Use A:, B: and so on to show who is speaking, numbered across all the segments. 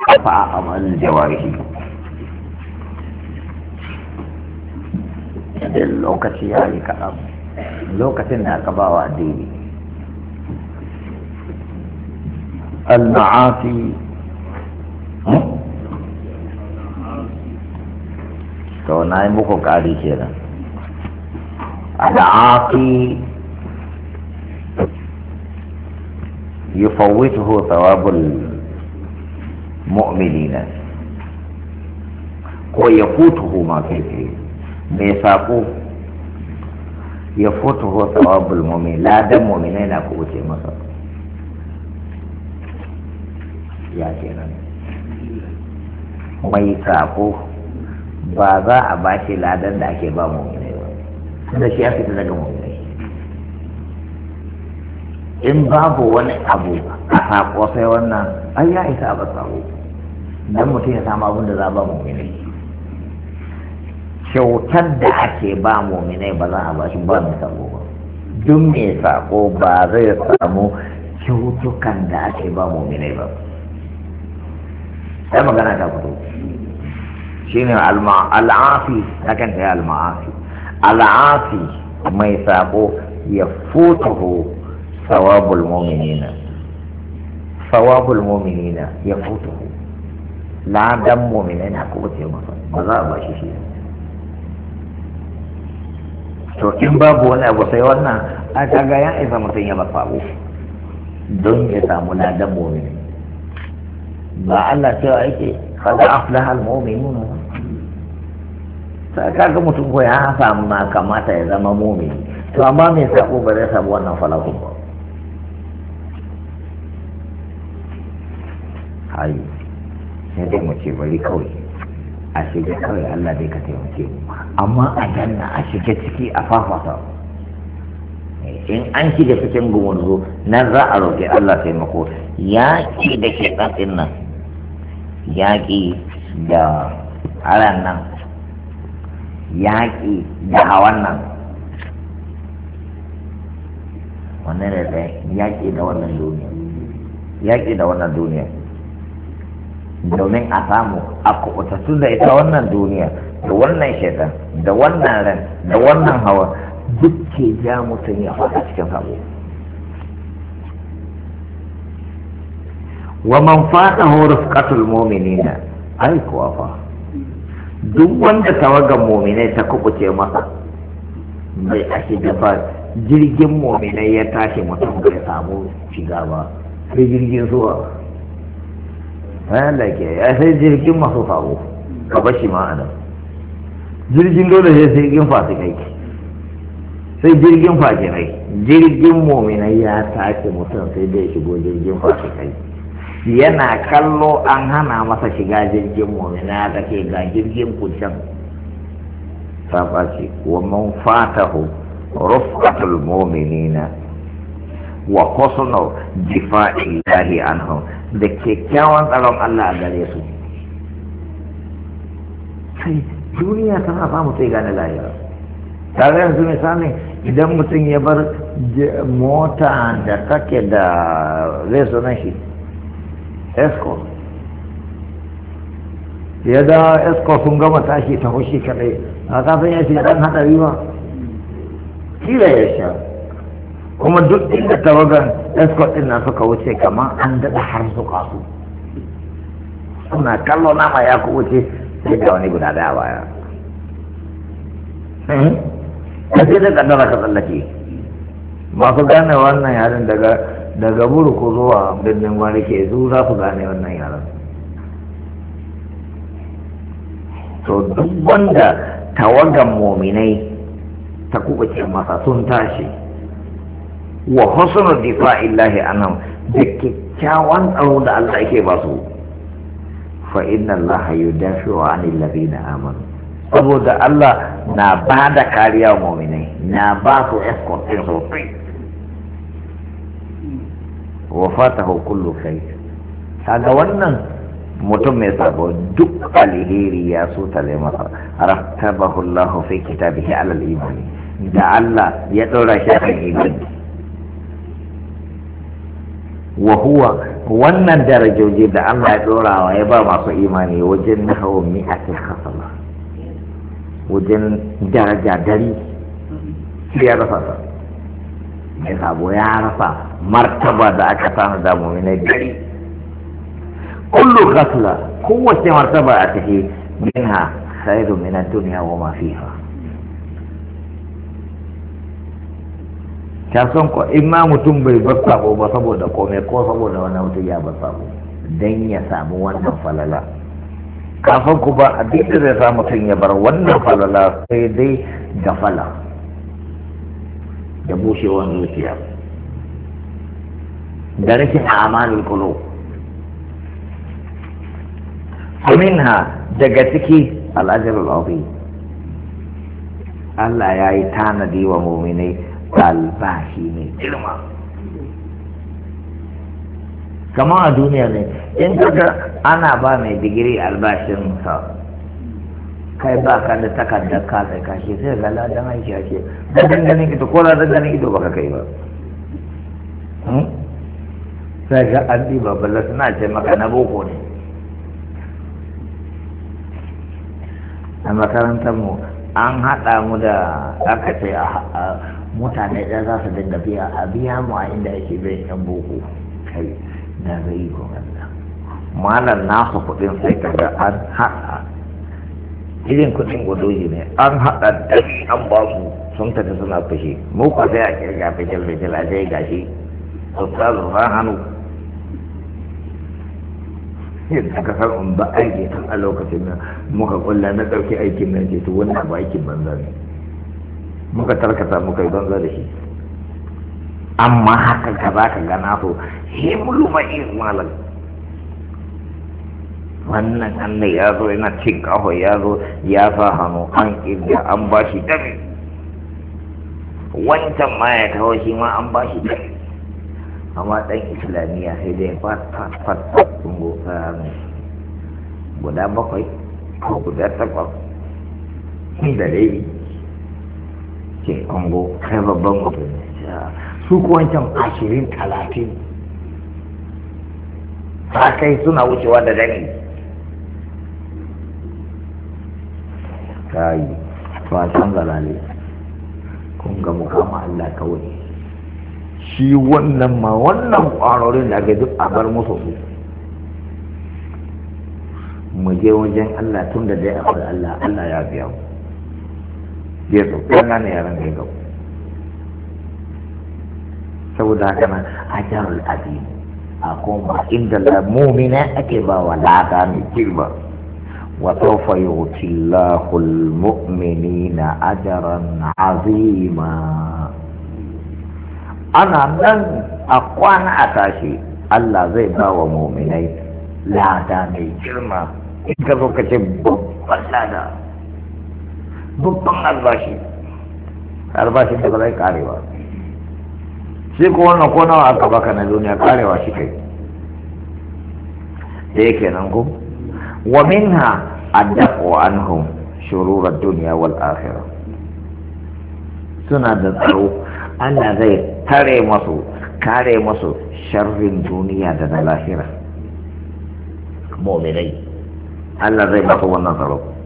A: fa kafa amalin jawarihi da lokaci ya yi kaɗan lokacin da aka bawa addini. al-ma'asi to na yi muku ƙari kenan al-ma'asi yufawwituhu thawabul mu'minina ko ya kutuhu ma kai yasa ko ya futuhu tsawabul mu'min ladan mu'mina na ku ce masa ya kenan mai sako ba za a ba shi ladan da ake ba ne ba da shi ya fita daga mu'minai in babu wani abu a sako sai wannan ai ya isa a ba sako dan mutum ya samu abin da za ba muminai kyautar da ake ba muminai ba za a ba shi ba mai sako ba duk mai sako ba zai samu kyautukan da ake ba muminai ba sai magana ta fito shine al'afi hakan ta yi al'afi al'afi mai sako ya fotaho sawabul muminina sawabul muminina ya fotaho ladan muminai na kuma ce masa ba za a ba shi shi to in babu wani abu sai wannan a kaga ya isa mutum ya bar abu don ya samu dan mumina ba Allah cewa yake kada al almu'minun sai kaga mutum ko ya samu ma kamata ya zama mu'mini to amma sai ko ba zai samu wannan falahu ba hayi sai dai mu ce bari kawai a shige kawai Allah zai ka taimake mu amma a danna a shige ciki a fafata in an shiga cikin gumurzu nan za a roƙi Allah taimako yaƙi da ke ɗin nan yaƙi da haran nan yaƙi da hawan nan wannan da yaƙi da wannan duniya yaƙi da wannan duniya domin a samu a kubuta da ita wannan duniya da wannan shaida da wannan ran da wannan hawa duk ke ja mutum ya faɗa cikin sabo wa man faɗa horus katul mominina ai kuwa fa duk wanda tawagan muminai ta kubuce masa bai ake gaba jirgin muminai ya tashi mutum bai samu shiga ba sai jirgin zuwa bayan da ke ya sai jirgin masu sabo ka bashi ma'ana jirgin dole sai jirgin fasikai sai jirgin kai jirgin mominai ya sake mutum sai dai shigo jirgin fasikai yana kallo an hana masa shiga jirgin mominai ya ke ga jirgin kucin. ta ɓace wa man fatahu rufatul mominina wa husnu difa'illahi anhum da kyakkyawan tsaron Allah a gare su sai duniya tana samu mutum gane lahira tare yanzu misali idan mutum ya bar mota da take da zai sunan shi ya da esko sun gama tashi ta hushi kadai a kafin ya ce dan hadari ba kila ya sha kuma duk inda tawagar escort din na suka wuce kamar an daɗa har zuka su suna kallo nama ya ku wuce sai ga wani guda daya baya ka eh? ce da kaddara ka tsallake masu gane wannan yaren daga daga ko zuwa birnin gwani ke zu za su gane wannan yaren to duk wanda tawagan mominai ta kuɓuce masa sun tashi wa husnul difa'illahi anhum da kyakkyawan tsaro da Allah yake ba su fa inna Allah yudafi'u 'anil ladina amanu saboda Allah na ba da kariya mu'minai na ba su escort din sosai wa fatahu kullu kaga wannan mutum mai sabo duk alheri ya so tale masa rattabahu Allah fi kitabihi alal imani da Allah ya dora shi akan imani wa huwa wannan darajoji da Allah ya dorawa ya ba masu imani wajen nahawu mi'atil hasala. wajen daraja dari ya rasa ta mai sabo ya rasa martaba da aka tana da na dari kullu hasala, kowace martaba a take yana khairu min ad-dunya wa ma fiha ta son ko in ma mutum bai bar sabo ba saboda kome ko saboda wani mutum ya bar sabo dan ya samu wannan falala kafin ku ba a da zai sa mutum ya bar wannan falala sai dai da fala da bushewar zuciya da rashin amalin kulo ha daga ciki al'ajarul azim Allah ya yi tanadi wa muminai albashi mai girma kama a duniya ne in kaga ana ba mai digiri sa, kai ba ka da takardar ka sai ka shi sai ga ladan aiki ake da dangane ita ko da danganin ido baka kai ba hmm? sai ga an ɗiba balla suna ce maka na boko ne a makarantar mu an haɗa mu da aka ce a mutane ɗaya za su dinga biya a biya mu a inda ake biyan yan boko kai na zai ko Allah malam nasu kuɗin sai kaga an haɗa irin kuɗin gudoji ne an haɗa da an ba su sun tafi suna fashe mu ko sai a kirga fashil fashil a sai gashi su sa hannu yadda ka san in ba aiki tun a lokacin nan muka kulla na ɗauki aikin nan ce to wannan ba aikin banza ne muka tarkata muka yi banza da shi amma haka ka za ka gana so himlu mai malam wannan Annan ya zo yana cin kafa ya zo ya sa hannu an kirga an ba shi dami wancan ma ya kawo shi ma an ba shi dami amma dan islamiyya sai dai fata fata kungo guda bakwai ko guda takwas da dai ke kongo kai babban mutum su can ashirin talatin ta kai suna wucewa da gani kayi san zalale kun ga mukama Allah kawai shi wannan ma wannan ƙwarorin da ga duk a bar musu su mu je wajen Allah tun da dai akwai Allah Allah ya biya mu dia zo ƙanana yaran da ya gau saboda haka nan ajarul azim a koma inda mumina ake ba wa lada mai girma wa sawfa yu'ti Allahu al-mu'minina ajran azima ana nan a kwana a tashi Allah zai ba wa muminai lada mai girma in ka zo ka ce babban lada babban albashi albashin da ba zai kare ba ko wannan ko nawa aka baka na duniya karewa shi kai da yake nan ku wa minha addaqu anhum shurur ad-dunya wal akhirah suna da tsaro Allah zai tare masu kare masu sharrin duniya da na lahira mu'minai Allah zai ba wannan tsaro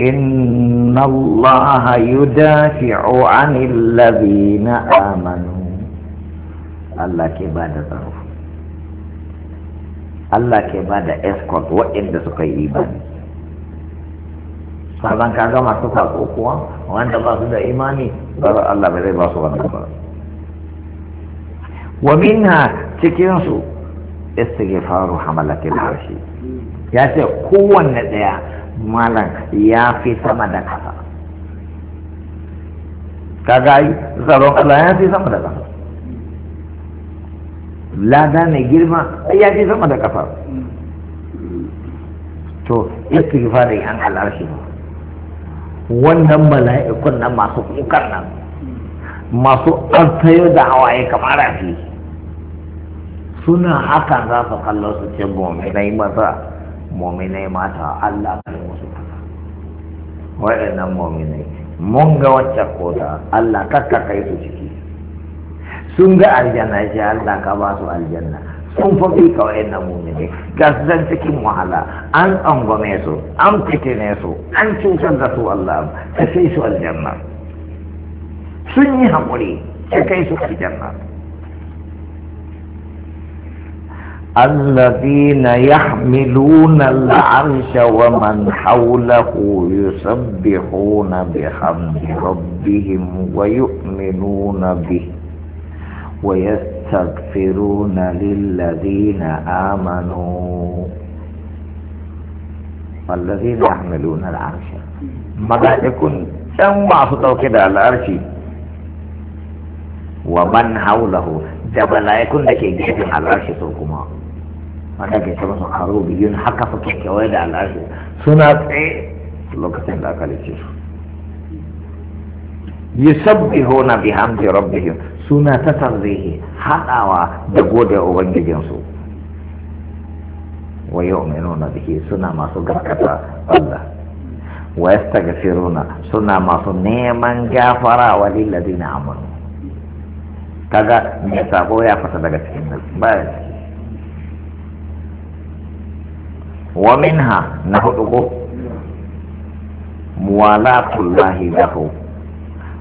A: إن الله da عن الذين آمنوا الله كبار ظروف الله كبار إسقاط وإن سكي إيمان sabon kaga masu faɗo kuwa wanda ba su da imani ba Allah bai ba su wannan ba wa minha cikin su istighfaru hamalatil arshi ya ce kowanne daya malam ya fi sama da kasa kaga yi tsaron Allah ya fi sama da kasa lada ne girma ya fi sama da kasa to istighfari an halarci wannan mala'ikun nan masu kukar nan masu ɗantayo da hawaye kamar rafi suna hakan za su kallo su ce mominai mominai mata Allah kan wa'annan mu'minai mun ga wacce kota Allah kakka kai su ciki sun ga aljanna shi Allah ka ba su aljanna sun fafi ka wa'annan mu'minai ga su zan cikin wahala an tsangwame su an fitine su an cutar da su Allah ka sai su aljanna sun yi haƙuri ka kai su aljanna الذين يحملون العرش ومن حوله يسبحون بحمد ربهم ويؤمنون به ويستغفرون للذين آمنوا والذين يحملون العرش يكون كم معصوتوا كده على العرش ومن حوله ده يكون لكي يجيب على العرش سوكم wanda ke sama sun haro biyun haka suke kewaye da al'arshi suna tsaye lokacin da aka lice su yusabbihuna bihamdi rabbihim suna ta tarzihi hadawa da gode ubangijinsu wa yu'minuna bihi suna masu gaskata Allah wa yastaghfiruna suna masu neman gafara wa lil ladina amanu kaga mai sabo ya fasa daga cikin nasu ba wa minha na hudu ko muwalatullahi lahu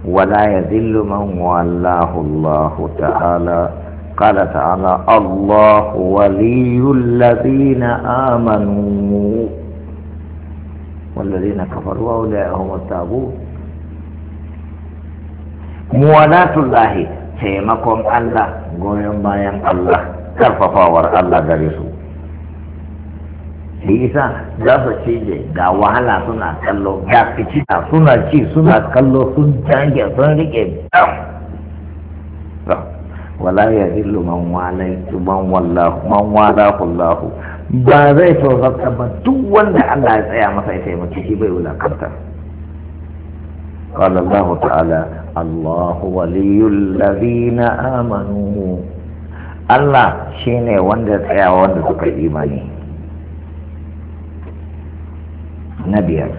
A: ولا يذل من والاه الله تعالى قال تعالى الله ولي الذين آمنوا والذين كفروا أولئك هم التابوت muwalatun lahi taimakon Allah goyon bayan Allah karfafawar Allah gare su shi isa za su ce da ga wahala suna kallo ga fitina suna ci suna kallo sun canje sun rike wala ya zillu man walai man wallahu man wala kullahu ba zai tozarta ba duk wanda Allah ya tsaya masa ya taimaki shi bai wulakanta قال الله تعالى الله ولي الذين آمنوا الله شيني وندت يا وندت imani. na biyar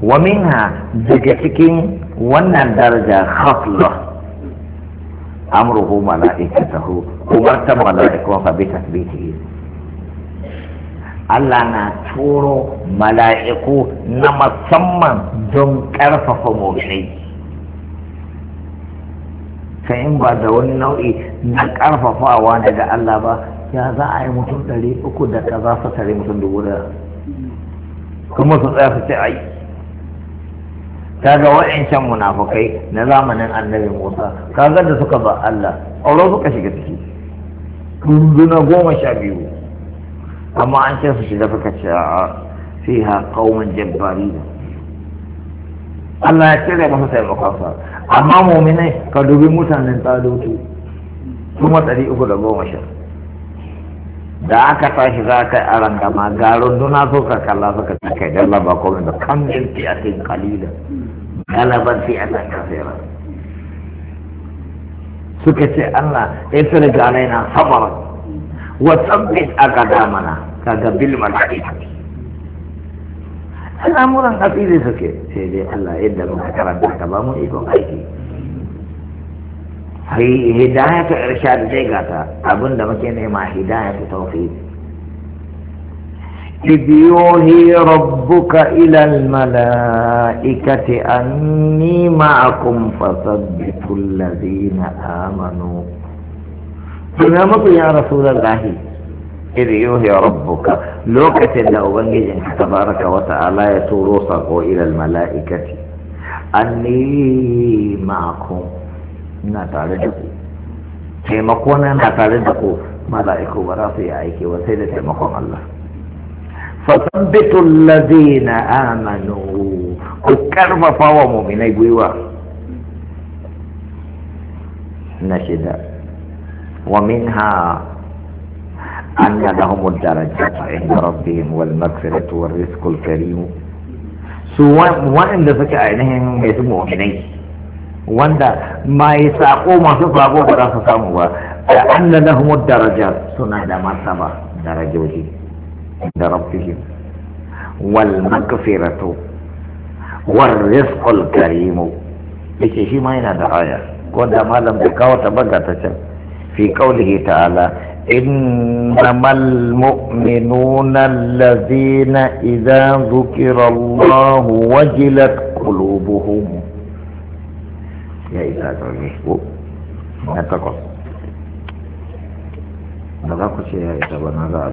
A: wa minha daga cikin wannan daraja khafla amruhu mala'ikatahu umartan mala'ikun fa bi tasbihi Allah na turo mala'iku na musamman don karfafa mu'minai sai in ba da wani nau'i na ƙarfafawa da Allah ba ya za a yi mutum ɗari uku da kaza su tare mutum dubu da kuma su tsaya su ce ai ta kaga wa'ancan munafukai na zamanin annabi Musa kaga da suka ba Allah aure suka shiga ciki runduna goma sha biyu amma an ce su shiga suka ce a fiha qauman jabbarina Allah ya cire masa taimakonsa amma muminai ka dubi mutanen talutu kuma ɗari uku da goma sha da aka tashi za ka yi aran gama ga runduna so ka kalla suka ka kai gallaba ko da kan a cikin kalila galaban fi'atan kasira suka ce Allah ya fi riga na sabara wa tsabbit aka damana kaga bil muran al'amuran asiri suke sai dai Allah yadda muka karanta ka ba mu ikon aiki hidaya ta irshad dai gata abinda muke nema hidaya ta tawfiq idiyohi rabbuka ila malaikati anni ma'akum fasabbitu allazina amanu kuma muku ya rasulullah idiyohi rabbuka lokacin da ubangijin ta tabaraka wa ta'ala ya turo sako ila malaikati anni ma'akum ina tare da ku taimako na tare da ku mala'iku ba za su yi aiki ba sai da taimakon Allah fasabbitu allazina amanu ku karfafa wa mu'minai gwiwa na shida wa minha أن لهم الدرجات عند ربهم والمغفرة والرزق الكريم سواء وإن لفك عينهم يسمو عينيه wanda mai sako masu sako ba za su samu ba da an da lahumar daraja suna da martaba darajoji da rabbihim wal makafirato war rizqul karimu yake shi ma yana da aya ko da malam da kawo ta baga ta can fi qaulihi ta'ala إنما المؤمنون الذين idan ذكر الله wajilat قلوبهم ya isa zaune ko na takwas ba za ku ce ya isa ba na za a